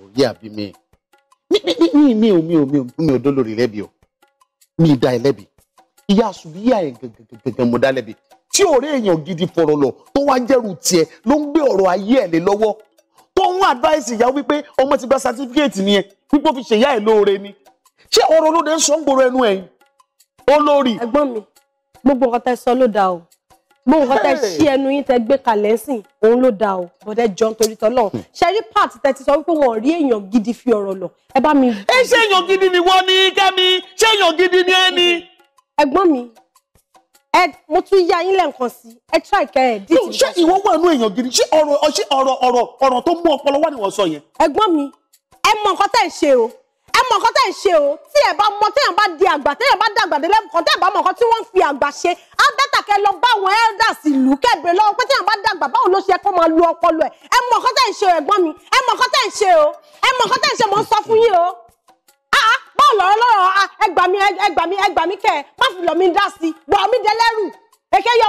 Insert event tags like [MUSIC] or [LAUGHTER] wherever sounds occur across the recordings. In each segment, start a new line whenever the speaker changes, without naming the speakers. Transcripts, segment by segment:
orí àbí mi mi mi ò mi ò mi ò mi ò dólórí lẹ́bi o mi ì dá ẹ lẹ́bi ìyá àsùnbíyà ẹ̀ gẹ̀gẹ̀gẹ̀gẹ̀ mo dá lẹ́bi tí ọ̀rẹ́ èèyàn gidi fọ̀rọ̀ lọ tó wá jẹ́rù tiẹ̀ ló ń gbé ọ̀rọ̀ ayé ẹ̀ lé lọ́wọ́ tó ń advice ìyàwó wípé ọmọ ti gba certificate nìyẹn wípé ó fi ṣèyá ẹ̀ lóore ni
ṣé ọ̀rọ̀ olóde ń sọ ń gbòòrò ẹnu ẹ̀ olórí. ẹ̀gbọ́n mi gbogbo nǹkan tẹ́ sọ ló dáa o mo nǹkan tẹ ṣí ẹnu yín tẹ gbé kalẹ̀ sìn òun ló da o bọ́dẹ jọ nítorí tọ́lọ́ hmm. ṣẹ́rí part tẹ ti sọ wípé wọn ò rí èèyàn gidi fi ọ̀rọ̀ lọ ẹ bá mi. ẹ ṣe èèyàn gidi ni
wọ́n ní kẹ́mi ṣé èèyàn gidi ni ẹ ní.
ẹ̀gbọ́n mi ẹ mo tún yá yín lẹ́ǹkan sí ẹ try kẹ́ ẹ dí. ṣé ìwọ wà nú èèyàn gidi ṣé ọ̀rọ̀ ọ̀rọ̀ ọ̀rọ̀ tó mú ọpọlọ wà ní wọ́n sọ yẹn. ẹ̀gbọ́n mi ẹ mọ nǹkan tẹ́ ń ṣe o mọ nǹkan tẹ́ ń ṣe o tí ẹ bá mọ tẹ́yàn bá di àgbà tẹ́yàn bá dàgbà dé lẹ́kọ̀ọ́ tẹ́yàn bá mọ nǹkan tí wọ́n ń fi àgbà ṣe á bẹ́tà kẹ lọ bá àwọn elders ìlú kẹ́bẹ̀rẹ̀ lọ́wọ́ pé tẹ́yàn bá dàgbà báwo ló ṣe kó máa lu ọpọlọ ẹ̀ ẹ mọ nǹkan tẹ́ ń ṣe o ẹ̀gbọ́n mi ẹ mọ nǹkan tẹ́ ń ṣe o ẹ mọ nǹkan tẹ́ ń ṣe mò ń sọ fún yín o ah, ah, báwo lọ̀rọ̀ lọ́rọ̀ ah, ẹgbàmí ẹgbàmí ẹgbàmí kẹ́ má fi lọ̀ mí dá sí wọ̀ mí dẹlẹ́rù èké yọ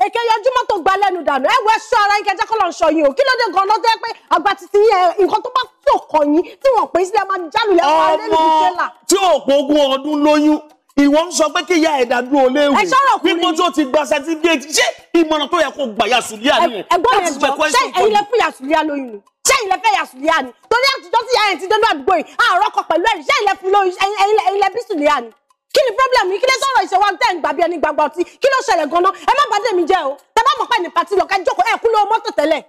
èké yọjú mọ́tò gba lẹ́nu dànù ẹ wọ ẹṣọ ara yín kẹjẹ kọlọ ń sọ yín o kí ló dé gan-an tó yẹ pé àgbà títí yẹn nǹkan tó bá tó kọ yín tí wọn pè é sílẹ̀ máa jálùlẹ̀ máa lé lùú tẹ́lá. tí òpó ogún ọdún lóyún ìwọ ń sọ pé kí ìyá ẹ̀dá dúró léwu pípọ́
tó ti gba certificate ṣé ìmọ̀ràn tó yẹ kó gbà yasùlíà nìyẹn. ẹ̀gbọ́n mi ẹjọ́ ṣé ẹ̀yin ṣé
ìlẹ fẹ́ yasùlíà ni torí àtijọ́ tí ẹ̀ ti dénú àdúgbò yìí àárọ̀ kọ pẹ̀lú ẹ̀rí ṣé ìlẹ fún lóyún ẹ̀yin lẹ bí sùlíà ni kí ni problem yìí kí lè sọ̀rọ̀ ìṣẹ̀wá tẹ́ ń gbàbí ẹni gbàgbọ́ ọtí kí ló ṣẹlẹ̀ gan-an ẹ má bàdé mi jẹ́ o tẹ bá mọ̀ pé ní pàtí lọ ká jókòó ẹ̀ kú lówó mọ́tò tẹ́lẹ̀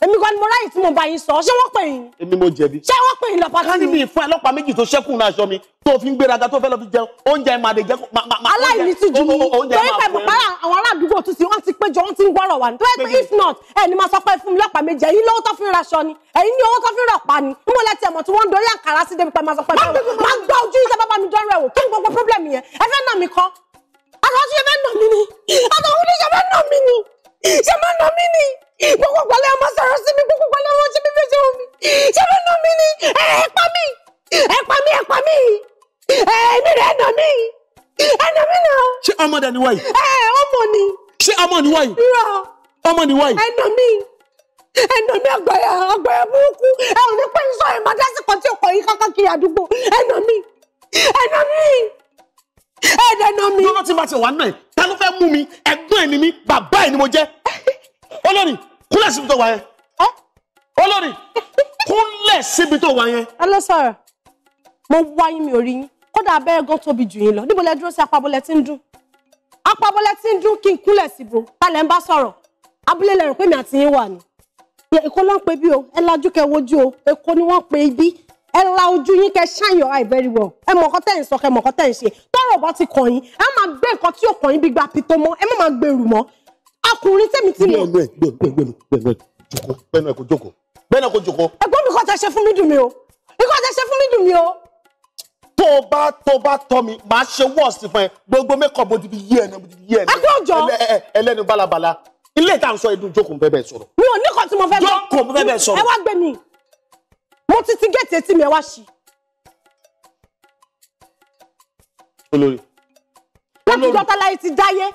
Emi kan ni mo ráyè mo bá yín so ṣé wọ́n pè yín. èmi mo jẹ̀bi. ṣé wọ́n pè yín lọ́pàá tí mi. ká ní mi
ìfún ẹlọ́pàá méjì tó ṣẹ́kù
náà aṣọ mi tó fi ń gbéraga tó fẹ́ lọ fi jẹun oúnjẹ máa lè jẹ kó. aláìní ti jù mí torí pé bàbá àwọn aládùúgbò tó ti wọ́n ti péjọ wọ́n ti ń gbọ́rọ̀ wà ní. tó yẹ pé if not ẹni máa sọ pé fún mi lọ́pàá méjì ẹ̀yin lówó tó fi ń raṣọ ni ẹ̀yin ní owó tó fi ń rọ̀pá ni n mo lẹ́tì ẹ̀mọ̀ tí wọ́n ń dorí àǹkárá sí débi pé máa sọ pé máa gbá ojú ìjọba bàbá mi dánrẹ̀ wò kí n gbogbo problem yẹn ẹ fẹ́ nà mí kọ́ àtàwọn tó yẹ fẹ́ nà mí ni àtàwọn tó yẹ fẹ́ nà mí ni ṣe máa nà mí ni gbogbo pẹ̀lú ẹ pa mí ẹ pa mí ẹ pa
mí ẹ̀mí rẹ̀ nà mí ẹ̀nà mí nà. ṣé ọmọ dà ni wáyé. ẹ
ọmọ ni. ṣé ọmọ ni wáyé. irọ́ ọmọ ni wáyé. ẹ̀nà mí ẹ̀nà mí àgbàyà àgbàyà burúkú ẹ ò ní pẹ́ sọ ẹ̀ máa dásìkò tí ọkọ̀ yìí kákàkiri àdúgbò ẹ̀nà mí ẹ̀nà mí ẹ̀dẹ̀nà mi. lọ́wọ́ tí n bá ti wà náà ta ló fẹ́ mú
mi ẹ̀gbọ́n ẹ̀ ni mi bàbá ẹ̀ ni mo jẹ́ ọlọ́ni kúlẹ̀ sí mi tó wà
olórí kúnlẹ̀ síbi tó wà yẹn. ẹ lọ sọ̀rọ̀ mo wá yín mi ò rí yín kódà abẹ́rẹ́ gan tóbi jù yín lọ níbo lẹ dúró sí apabolẹ tí ń dún apabolẹ tí ń dún kí n kúnlẹ̀ síbo talẹ̀ ń bá sọ̀rọ̀ abúlé lẹ́rìn pé mi àti yín wà ní. èkó ló ń pe bí o ẹ lajú kẹ wojú o èkó ni wọ́n pe ibi ẹ la ojú yín kẹ shine your eye very well ẹ mọ̀ nǹkan tẹ́ ń sọ kẹ mọ̀ nǹkan tẹ́ ń ṣe tọ́rọ̀ bá ti kàn yín ẹ máa gbé nǹkan tí ò kàn yín bí gba pito mọ́ ẹ má máa gbèrú mọ́ ọkùnrin tẹ́mi ti mọ̀. gbẹ̀gbẹ̀
gbẹ̀gbẹ̀ gbẹ̀gbẹ̀ jókòó pẹ́ẹ́nù ẹ̀kọ́ jókòó bẹ́ẹ̀ náà kò jòkó.
ẹ̀gbọ́n mi kọ́ tẹ ṣe fún mi dùn mí o ikọ́ tẹ ṣe fún mi dùn mí o.
tó o bá tó o bá tọ́ mi màá ṣe wọ́ọ̀sì fún ẹ gbogbo mẹ́kọ̀ mo ti fi yí ẹni mo ti fi yí ẹni. ẹgbẹ́ òjò ẹlẹ́nu balabala ilé ìta sọ ẹdun jókòó bẹ́ẹ̀ bẹ́ẹ̀ sọ̀rọ̀.
mi ò ní kan tí mo fẹ́ bẹ́ẹ̀ jókòó bẹ́ẹ̀ bẹ́ẹ̀ sọ̀rọ̀. ẹ wá gbé mi mo ti ti géètì etí mi ẹ wá ṣí. olórí. látijọ́ tí aláyé ti dáyé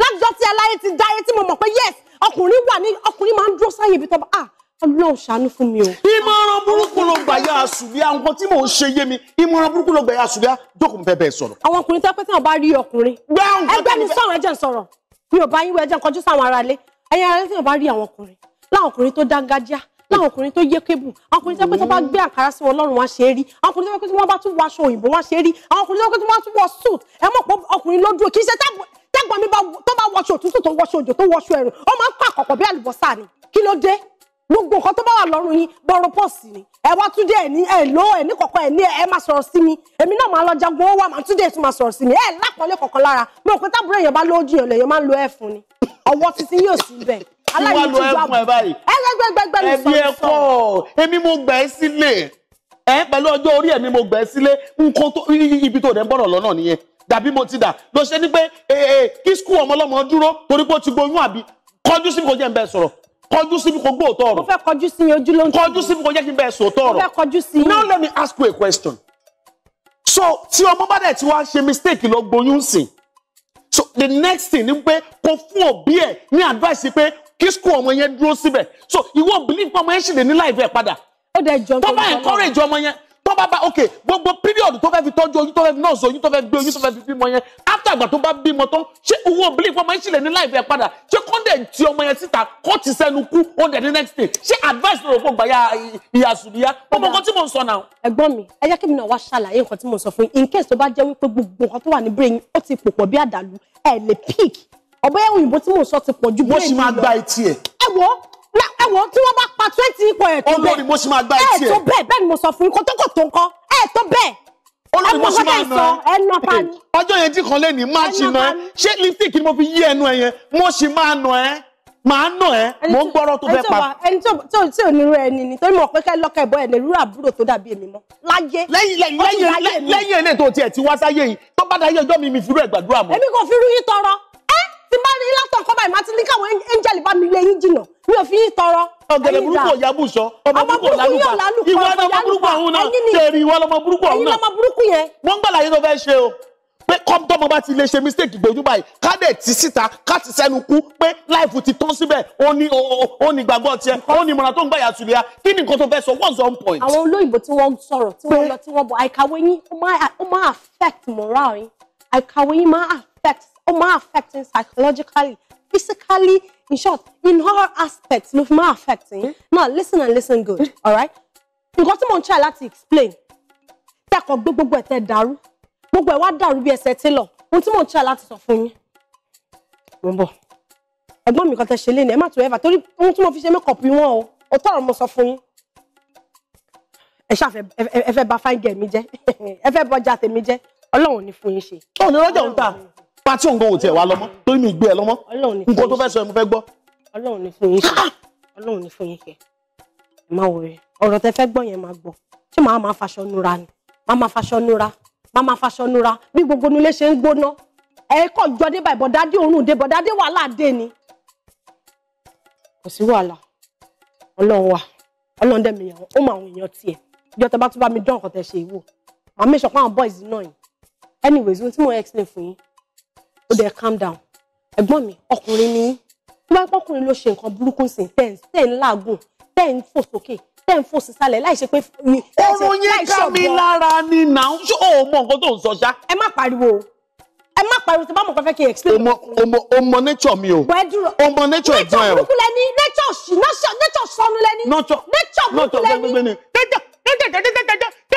látijọ́ tí aláyé ti dáyé tí mo yes ọkùnrin wà ní ọkùnrin máa ń dúró sáyé ibi tó ah Ọlọ́run ṣàánú fún mi o. ìmọ̀ràn burúkú ló gbà ya àṣùbíà nǹkan tí mò ń ṣe yé mi ìmọ̀ràn burúkú
ló gbà ya àṣùbíà jókòó ń bẹ́ẹ̀ sọ̀rọ̀.
àwọn ọkùnrin tẹ́pẹ́ tí wọ́n bá rí ọkùnrin. ẹgbẹ́ mi sọ̀rọ̀ ẹ̀jẹ̀ ń sọ̀rọ̀ mi ò bá yín wọ ẹ̀jẹ̀ ń kọjú sáwọn aráalé ẹ̀yin aráalé tí wọ́n bá rí àwọn ọkùnrin láwọn ọkùnrin tó dángájá láwọn ọkùnrin tó yé kébù àwọn ọkùnrin tó pé tó bá gbé àkàrà sí wọn lọ́rùn wá ṣe é rí àwọn ọkùnrin tó pé tó wọ́n bá tún wọ aṣọ òyìnbó wá ṣe é rí àwọn ọkùnrin tó pé tó wọ́n tún wọ suit ẹ mọ̀ pé ọkùnrin ló kì í ṣe tágbọ̀n mi tó bá wọṣọ òtútù tó wọṣọ òjò tó wọṣọ ẹ̀rùn ó máa ń kọ bí àlùbọ́sà ni kí ló dé gbogbo nǹkan tó bá wà lọ́rùn yín bọ́ọ̀rọ̀ pọ́ọ̀sì ni ẹ wá túndé ẹ̀ ní ẹ̀ ló ẹ̀ ní kọ̀ọ̀kan ẹ̀ ní ẹ̀ má sọ̀rọ̀ sí mi èmi náà máa lọ jagun ó wà máa túndé tún máa sọ̀rọ̀ sí mi ẹ̀ lápọ̀lẹ́ kọ̀ọ̀kan lára mo pé tábúrò èèyàn bá lójú yàn lèèyàn máa ń lo ẹ̀ fún ni ọwọ́ títí yóò sí bẹ́ẹ̀ aláìní tó gbà ẹgbẹ́gbẹ́gbẹ́
ni sọ dàbí mo ti dà lọ ṣe ni pé eh, eh, kí skul ọmọ ọlọmọ dúró torí pé ó ti gboyún àbí kọjú sí mi kò jẹ́ ń bẹ́ẹ̀ sọ̀rọ̀ kọjú síbi kò gbọ́ òótọ́ ọ̀rọ̀. mo fẹ́ kọjú sí yín ojú ló ń tẹ̀lé. kọjú síbi kò jẹ́ kí n bẹ̀ sọ òótọ́ ọ̀rọ̀. mo fẹ́ kọjú sí yín. now let me ask you a question. so tí ọmọ bá dẹ̀ tí wàá ṣe mistake lọ gboyún sìn so the next thing ni pé kò fún òbí ẹ̀ ní advice pé kí school ọmọ yẹn dúró síbẹ̀ so ìwọ believe pé ọmọ yẹn ṣì lè ní life ẹ̀ padà. ó dẹ̀ jọ tó bá encourage ọmọ yẹn tó bá bá ok gbogbo period tó fẹ́ fi tọ́jú oyún tó fẹ́ fi nọ́ọ̀sì oyún tó fẹ́ fi gbé oyún tó fẹ́ fi bímọ yẹn after àgbà tó bá bímọ tán ṣé owó bílíì fọmọ ìṣìlẹ̀ ní láìpẹ́ ẹ̀ padà ṣé kọ́ndẹ̀ ti ọmọ yẹn síta kó ti sẹ́nu kú ó dẹ̀ ní next day ṣé advice lórí ògbà ya ìyá sùdíyá gbogbo nǹkan tí mò ń sọ náà.
ẹ̀gbọ́n mi ẹ jẹ́ kí mi náà wá ṣàlàyé nǹkan tí mò ń sọ fún yín in case tó bá jẹ́ wípé gbogbo nǹkan tó wà ní brain ó ti pò pọ̀ bí àdàlù ẹ̀ lè pick ọ̀bẹ òyìnbó tí mò ń sọ ti pọ̀ ju brain mi lọ. mo sì máa gba etí ẹ̀. ẹ wo ẹ̀wọ̀n tí wọ́n bá pa twenty ipò ẹ̀ tó bẹ́ẹ̀ olórí tó bẹ́ẹ̀ bẹ́ẹ̀ ni mo sọ fún yín kótókò tó ń kọ́ ẹ̀ tó bẹ́ẹ̀
olórí mo sì máa nà ẹ nà pa [LAUGHS] ọjọ́ yẹn tí kan lé ní máàcì náà ṣé lipstick ni mo fi yí ẹnu ẹ yẹn mo sì máa nà ẹ́ màá nà
ẹ mò ń gbọ́rọ̀ tó fẹ́ pa. ẹni tó tó tí ò ní rẹ ẹni ni torí mo pé kẹ́ lọ́kẹ́ ìbọn ẹ̀lẹ́ rírà àbúrò tó dàbí èmi mọ́ láyé. lẹ́yìn lẹ́yìn lẹ́yìn eléyìí tó tiẹ̀ ti wá sáyé yìí tó bá dáyé ọjọ́ mi mi fi rú ẹ̀ gbàdúrà mọ́. èmi kò fi rú yín tọrọ tí bá rí látọ̀ kọ́ báyìí máa ti ní káwọn angel bá mi lé yín jìnà mi ò fi yín tọrọ. ọ̀gẹ̀dẹ̀ burúkú ò
yábù sọ ọmọ burúkú yóò lálùpọ̀ ìwọ ọmọ burúkú ọ̀hún náà tẹ̀rí ìwọ ọmọ burúkú ọ̀hún náà ẹ̀yin ọmọ burúkú yẹn. wọ́n gbà láyé tó fẹ́ ṣe o pé kọ́ńtọ́mọ bá ti lè ṣe mistake gbòjú báyìí ká dẹ̀ ti síta ká ti sẹ́nu kú pé láìfù ti tán síbẹ̀ ó ní ó ní gbàgbọ́ tiẹ̀ ó ní ìmọ̀ràn tó ń gbà yà sùlẹ̀ kí ni nǹkan tó fẹ́ sọ what's on point. àwọn
olóyìnbó tí wọ́n ń sọ̀rọ̀ tí wọ́n lọ tí wọ́n bọ̀ àìkàwé yín ó máa affect morale yín àìkàwé yín máa affect ó máa affect yín psychologically physically in short in all aspects ló fi máa affect yín hmm? now listen and listen good hmm? alright nǹkan tí mò ń try láti explain tẹ́kọ̀ọ́ gbé gbogbo ẹ̀ tẹ́ dàrú gbogbo ẹ̀ wá dàrú bí ẹsẹ̀ tí lọ ohun tí mò ń try láti sọ fún yín mo ń bọ̀ ẹ̀gbọ́n mi kan tẹ́ ṣe lé ní ẹ má tó ẹ̀fà torí ohun tí mo fi ṣe makeup wọn o ò tọ̀rọ̀ mo sọ fún yín ẹ ṣáà ẹ fẹ́ bà fáńgẹ̀ mi jẹ́ [LAUGHS] ẹ fẹ́ bọjá tèmi jẹ́ ọlọ́run ní fún yín
ṣe. ọ̀nà ọjà ń ta pátí òǹgò wò tiẹ̀ wá lọ́mọ́ torí mi gbé ẹ
lọ́mọ́ nǹkan tó fẹ́ sọ ẹ mo fẹ́ gbọ́. ọlọ́run ni fún yín ṣe ọlọ́run ni fún yín ṣe ẹ má wọrẹ ọ̀rọ̀ tẹ fẹ́ gbọ́ yẹn máa gbọ́ ṣé màá máa faṣọ nura ni màá máa faṣọ nura màá máa faṣọ nura bí gbogbo nílé ṣe ń gbóná ẹ kọ́ jọ dé báyìí bọ̀dádé òórùn dé bọ̀dádé wàhálà dé ni kò sí wàhálà ọlọ́run wà ọlọ́run dẹ̀mí yàn ó mọ àwọn èèyàn tiẹ̀ ìjọ tẹ bá tún bá mi dán nǹkan tẹ ṣe ìwò màá mẹ́sàn ó calm down ẹ̀gbọ́n mi ọkùnrin ni tí wọ́n pọ́kùnrin ló ṣe nǹkan burúkú sí ten ten láàgùn ten fò sókè ten fò sísàlẹ̀ láì ṣe pé. oorun yẹn ká mi lára ni nà ń ṣó o mọ nǹkan tó ń sọ ṣá. ẹ má pariwo ẹ má pariwo tí bá mọ̀ pé fẹ́ kí n explain. ọmọ ọmọ ọmọ nature mi o. bẹ́ẹ̀ dúró ọmọ nature ẹ̀gbọ́n ẹ̀ o. nature burúkú lẹni nature sọnù lẹni. nature burúkú lẹni. nature nature nature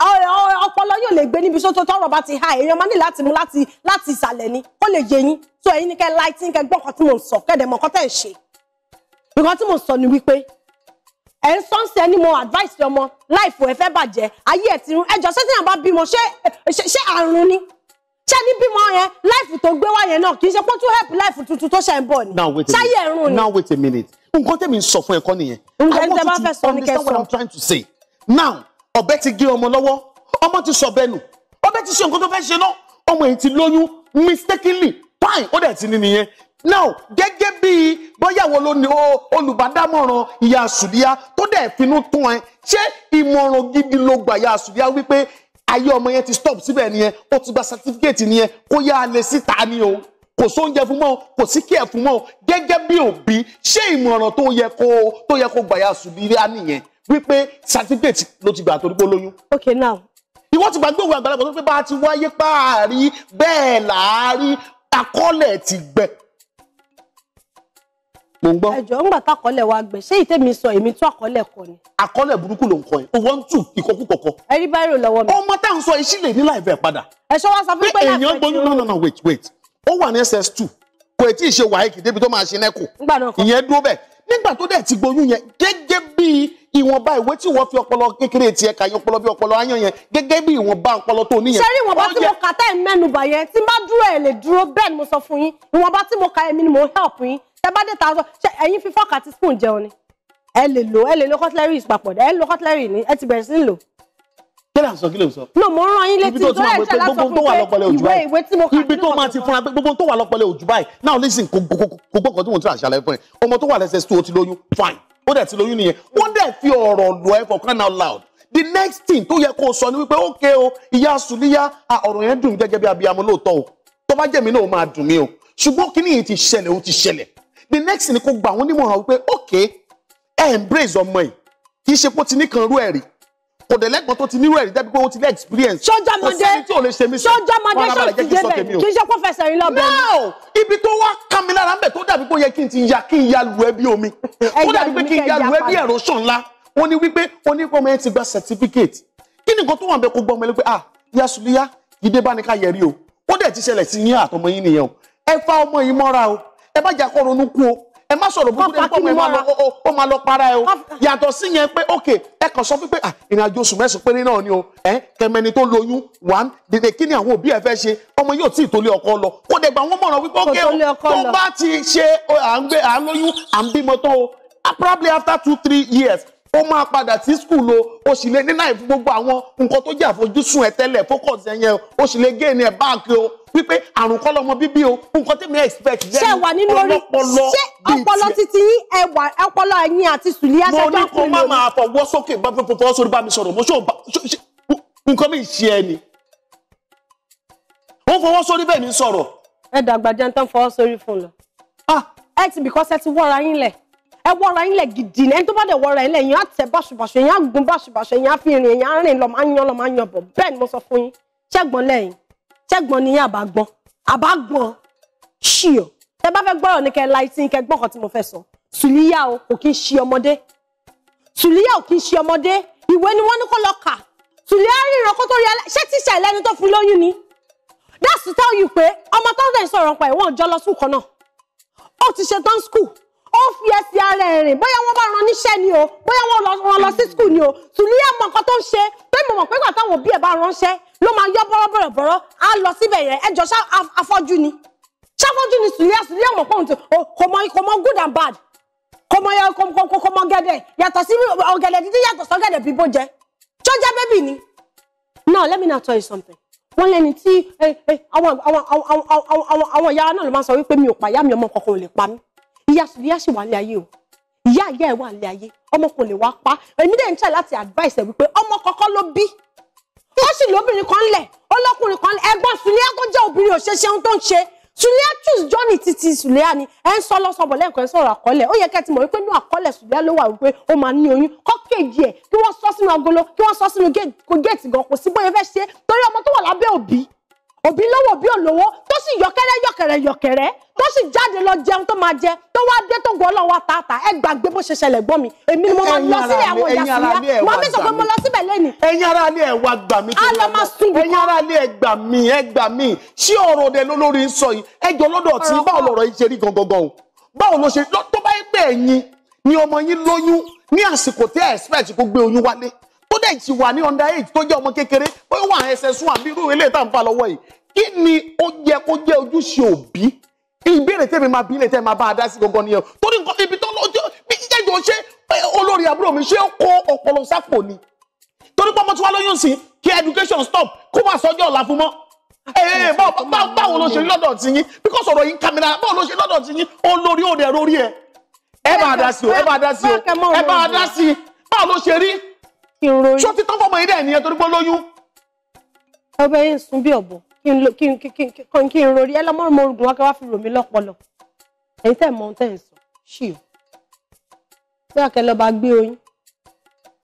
ọpọlọ yóò lè gbé níbi sótó tọrọ bá ti ha èèyàn máa ní láti mú láti láti ìsàlẹ̀ ni kó lè yé yín tó ẹ̀yin ní kẹ́ láì tí ń kẹ́ gbọ́ tí mò sọ kẹ́dẹ̀ mọ̀ nǹkan tẹ̀ ń ṣe nǹkan tí mò sọ ni wípé ẹ̀ ń sọ́nsẹ̀ ni mo advice ọmọ láìfò ẹ̀ fẹ́ bàjẹ́ ayé ẹ̀ ti rún ẹjọ́ ṣé tí yàn bá bímọ ṣé àrùn ni ṣé ní bímọ yẹn láìfù tó gbé wá yẹn náà kì í ṣe pé help láìfù tuntun tó ṣe ń bọ̀ ni ṣáyé ẹ̀rùn ni. now wait a minute nǹkan tẹ̀mí ń
sọ fún ẹ̀kọ́ nìyẹn.
nǹkan tẹ̀ bá fẹ́ sọ ní kẹsàn I want you to understand what I'm
trying to say now ọ̀bẹ ti gé ọmọ lọ́wọ́ ọmọ ti sọ̀bẹ nù ọ̀bẹ ti ṣe nǹkan tó fẹ́ ṣe náà ọmọ yìí ti lóyún mistakenly fine ó dẹ̀ ti ní nìyẹn now gẹ́gẹ́ bí bọ́yàwó ló ní olùbádámọ̀ràn ìyá àsùdíá tó dẹ̀ finú tún ẹ ṣé ìmọ̀ràn gidi ló gbà ìyá àsùdíá wípé ayé ọmọ yẹn ti stop síbẹ̀ nìyẹn ó ti gba certificate nìyẹn kó yá a lè síta ni o kò sóúnjẹ fún mọ́ kò sí kí ẹ̀ fún mọ́ gẹ́gẹ́ bí òbí ṣé ìmọ̀ràn tó yẹ kó tó yẹ kó gbà ìyá àsùdíá nìyẹn wípé certificate ló ti gbà torí pé lóyún. ok now. ìwọ ti gbàgbé òwe àgbàlagbà tó fi bá a ti wáyé páàrí bẹ́ẹ̀ làárí
akọ́lẹ̀ ti gbẹ. mo ń gbọ́. ẹjọ ńgbà takọlẹ wa gbẹ ṣé ìtẹ́mi sọ èmi tún àkọlẹ kọ ni. àkọlẹ burúkú ló ń kọ yẹn òwò ń tù ìkọkú kọkọ. ẹ rí báyìí
lọ́wọ́ mi. ọmọ tá sọ iṣẹ́ lè ní láìpẹ́ padà. ẹ̀ṣọ́ wa sọ fún pé láìpẹ́ jù. èèyàn gbóyún wait wait ó wà ní ss2 kò tí ì ṣe wàhíkì débi tó máa ṣe nẹ́kù. ìyẹn dúró bẹ́ẹ̀ nígbà tó dẹ̀ ti gbóyún yẹn gẹ́gẹ́ bíi ìwọ̀nba ìwé tí wọ́n fi ọpọlọ kékeré tiẹ̀ kà yín ọpọlọ bí ọpọlọ ayán yẹn
gẹ́gẹ́ bí ìwọ̀nba ọpọlọ tó níyẹn. sẹ́rí ìwọ̀nba tí mo kà tá ẹ̀ mẹ́nubà yẹn tí má dúró ẹ̀ lè dúró bẹ́ẹ̀ ni mo sọ fún yín ìwọ̀nba tí mo kà èmi ni mo help yín tẹ́ bá dé ta sọ ṣe ẹ̀yin fi fọ́ọ̀kì àti spoon jẹun ni ẹ lè lo ẹ lè lo cutlery papọ̀ ẹ lo cutlery ni ẹ ti bẹ̀rẹ̀ sí lò. kí ló sọ kí ló sọ. no mo rán yín létí tó ẹ ṣe láti fún pé ìwé ìwé tí mo kà ibi tó gbogbo
tó wà lọ́pọ̀lọpọ̀ òjú báyìí now listen kò gbọ́kàn tí mo ti rà ṣàlàyé fún ẹ ọmọ tó wà lẹ́sẹ̀ sí o ti lóyún fine ó dẹ̀ ti lóyún nìyẹn wọ́n dẹ̀ fi ọ̀rọ̀ lọ ẹ for crying out loud the next thing tó yẹ kó o sọ ni wípé ókè o ìyá sùlíyá ọ̀rọ̀ yẹn dùn gẹ́gẹ́ bí abiyamọ lóòótọ́ o tó bá jẹ̀mí náà ó máa dùn mí o ṣùgbọ́n kíní yìí ti ṣẹlẹ̀ ó ti ṣẹlẹ̀ the next thing ni kó gba àwọn onímọ̀ràn wípé ókè ẹ̀ embrace ọmọ yìí kì í ṣe pé ó ti ní kan rú ẹ̀rí kò dẹ̀ lẹ́gbọ̀n tó ti nírú ẹ̀rí débi pé ó ti ní experience. sọ́jà mọ̀dé sọ́jà mọ̀dé ṣe ti débẹ̀ ṣe kó fẹsẹ̀ rí lọ́bẹ̀. no ibi tó wá ká mi lára ń bẹ̀ tó dàbí pé ó yẹ kí n ti ya kí n ya lu ẹbí omi ó dàbí pé kí n ya lu ẹbí ẹ̀rọ ṣàn ńlá ó ní wípé ó ní pọ́nmọ́ ẹ ti gba certificate kí ni nǹkan tó wà ń bẹ kó gbọ́ ọmọ ẹlẹ́gbẹ́ ah yasuliya jíde bá ní ká yẹrí o ó dẹ̀ ti ṣẹlẹ̀ sí yín àtọmọ yín nìyẹn o ẹ fa ọmọ yìí mọ́ra o ẹ bá jà kọ́ ronú kú o ẹ má sọ̀rọ̀ búburú ẹni pọ́n ẹ máa lọ para ẹ o yàtọ̀ sí yẹn pé ok ẹ kàn sọ pé ah, ìrìn àjò oṣù mẹ́sàn-án péré náà ni o ẹ kẹmẹni tó lóyún wà dèdè kí ni àwọn òbí ẹ fẹ́ ṣe ọmọ yóò tí ì tolé ọkọ lọ kó dẹ̀ gbà wọ́n mọ̀ràn wípé ok o tó bá ti ṣe à ń gbé à ń lóyún à ń bímọ tán o ah, probably after two three years ó máa padà sí skul o ó sì lè ní náà gbogbo àwọn nǹkan tó jẹ́ àfojúsùn ẹ tẹ́lẹ̀ fókọ̀sì ẹ̀yẹn o sì lè gé ní ẹ̀ báàkì o wípé àrùn kọ́ lọ́mọ bíbí o nǹkan tí mi expect lẹ́nu ọlọ́pọlọ ṣé ọpọlọ títí yín ẹwà ọpọlọ yín àti sùlíà ṣẹjọ́ kùn lónìí. mo ní kó má máa fọwọ́ sókè bá fẹ́ fọwọ́ sórí bá mi sọ̀rọ̀ mo ṣó
nǹkan mi ṣe ẹ ni ó fọwọ́ sórí bẹ́ẹ̀ mi sọ̀rọ̀. ẹ dàgbà jẹun tán fọwọ́ sórí fún un lọ. Ah. ẹ ti bìkọ́sẹ̀ ti wọ́ra yín lẹ̀ ẹ wọ́ra yín lẹ̀ gidi ẹni tó bá dẹ̀ wọ́ra yín lẹ̀ yín á tẹ báṣubàṣu yín á gun báṣubàṣu yín á fi rìn yín á rìn lọ máa ń yan lọ máa ń yan bọ̀ bẹ́ẹ̀ ni mo sọ fún yín ṣẹ́gbọ́n lẹ́yìn ṣẹ́gbọ́n ni yín àbágbọ́n àbágbọ́n ṣíọ̀ tẹ bá fẹ́ gbọ́rọ̀ ní kẹ láì tí kẹ gbọ́ kan tí mo fẹ́ sọ sùlíyà o kò kí ń ṣe ọmọdé sùlíyà ò kí ń ṣe ọmọdé ìwé ni wọ́n ní kó lọ kà sùlíyà ríran kó tó rí alẹ́ ṣé tíṣà ìlẹ́ni tó fún lóyún ni that's to tell you pé ọmọ tó ń dẹ̀ sọ̀rọ̀ pa ìwọ̀n jọ lọ sùn kan náà ó ti ṣe tán school ó fi ẹsẹ̀ ara ẹ̀ rìn bóyá wọ́n bá ran níṣẹ́ ni o bóyá wọ́n ran lọ sí school ni o sùlíyà mọ nǹkan tó ń ṣe pé mo mọ̀ pé gbà táwọn òbí ẹ̀ bá ránṣẹ́ ló máa yọ bọ́rọ́bọ̀rọ̀bọ̀rọ̀ á lọ síbẹ̀ yẹn ẹjọ́ afọ́jú ni ṣáfọ́jú ni sùlíà sùlíà mọ̀ pọ́ùn tó kò mọ good and bad kò mọ yẹ kò mọ gẹ́dẹ̀ yàtọ̀ sí ọ̀gẹ̀dẹ̀ dídí yàtọ̀ sọ́gẹ̀dẹ̀ bíbó jẹ tó jẹ́ bébì ni. now let me now tell you something wọ́n lẹ́ni tí àwọn ìyá náà ló máa sọ wípé mi ò pa ìyá mi ọmọ kankan ò lè pa mí ìyá sùlíà sì wà ní ayé o ìyá ìyá ẹ̀ wà ní ayé ọmọ kò lè wá pa èmi dẹ̀ ń tẹ̀ láti advice ẹ̀ wípé ọmọ kọ́kọ́ ló bí ó sì lóbìnrin kan lẹ̀ ó lọ́kùnrin kan lẹ̀ ẹ̀gbọ́n sùlẹ́à tó jẹ́ obìnrin òṣèṣe ohun tó ń ṣe sùlẹ́à choose johnny títí sùlẹ́à ni ẹ̀ ń sọ lọ́sọ̀bọ̀ lẹ́ǹkan ẹ̀ sọ̀rọ̀ àkọọ́lẹ̀ ó yẹ kẹ́ ti mọ̀ wípé inú àkọọ́lẹ̀ sùlẹ́à ló wà wípé ó máa ní oyún kọ́ kéèjì ẹ̀ kí wọ́n sọ sínú agolo kí wọ́n sọ sínú géètì gan kò sí bóyá fẹ́ ṣe torí ọmọ tó wà lábẹ́ òbí òbí lówó òbí olówó tó sì yọkẹrẹ yọkẹrẹ yọkẹrẹ tó sì jáde lọ jẹun tó máa jẹ tó wá dé tó gbọ́ ọlọ́wọ́ àtàtà ẹ gbàgbé bó ṣe ṣẹlẹ̀ gbọ́ mi èmi ni mo máa lọ sílẹ̀ àwọn ìyá sílẹ̀ mo á mẹ́sàn pé mo lọ síbẹ̀ lẹ́nìí. ẹ̀yin ara ilé ẹ wá
gbà mí. a lọ máa sun ara ilé ẹ gbà mí ẹ gbà mí ṣé ọ̀rọ̀ rẹ lólórí ń sọ yìí ẹjọ́ lọ́dọ̀ tí báwo lọ̀rọ̀ yìí ṣe rí gangan báwo ló ṣe tó dẹ̀ ti wà ní under age tó jẹ́ ọmọ kékeré ó wà SS1 bí irú ilé tá à ń fà lọ́wọ́ yìí kí ni ó yẹ kó jẹ́ ojúṣe òbí ìbéèrè tèmi máa bí ilé tẹ́ máa bá a dá sí gangan nìyẹn torí nǹkan ibi tó lọ́jọ́ bí jẹ́jọ́ ṣe olórí àbúrò mi ṣé ó kó ọpọlọ sápò ni torí pé ọmọ tí wàá lóyún sí kí education stop kó má sọjọ́ ọ̀la fún mọ́ báwo ló ṣe lọ́dọ̀ tí yín because ọ̀rọ̀ yín kámẹ́rà báwo ló ṣe lọ́dọ̀ tí yín olórí òde rórí ẹ ẹ bá a dá sí o ẹ bá a dá sí o ẹ bá a dá sí báwo ló ṣe rí ìròyìn. ṣó ti tán fọmọ yìí dẹ̀ nìyẹn torí pé lóyún.
ọbẹ̀ yìí ń sun bí ọ̀bọ kí n rori ẹ lọ́mọ́ mo dùn wá kí wá fi rò mí lọ́pọlọ ẹ̀yin tẹ̀ mọ ohun tẹ̀ ń sọ ṣì o bí àkẹ́ lọ́ba gbé oyin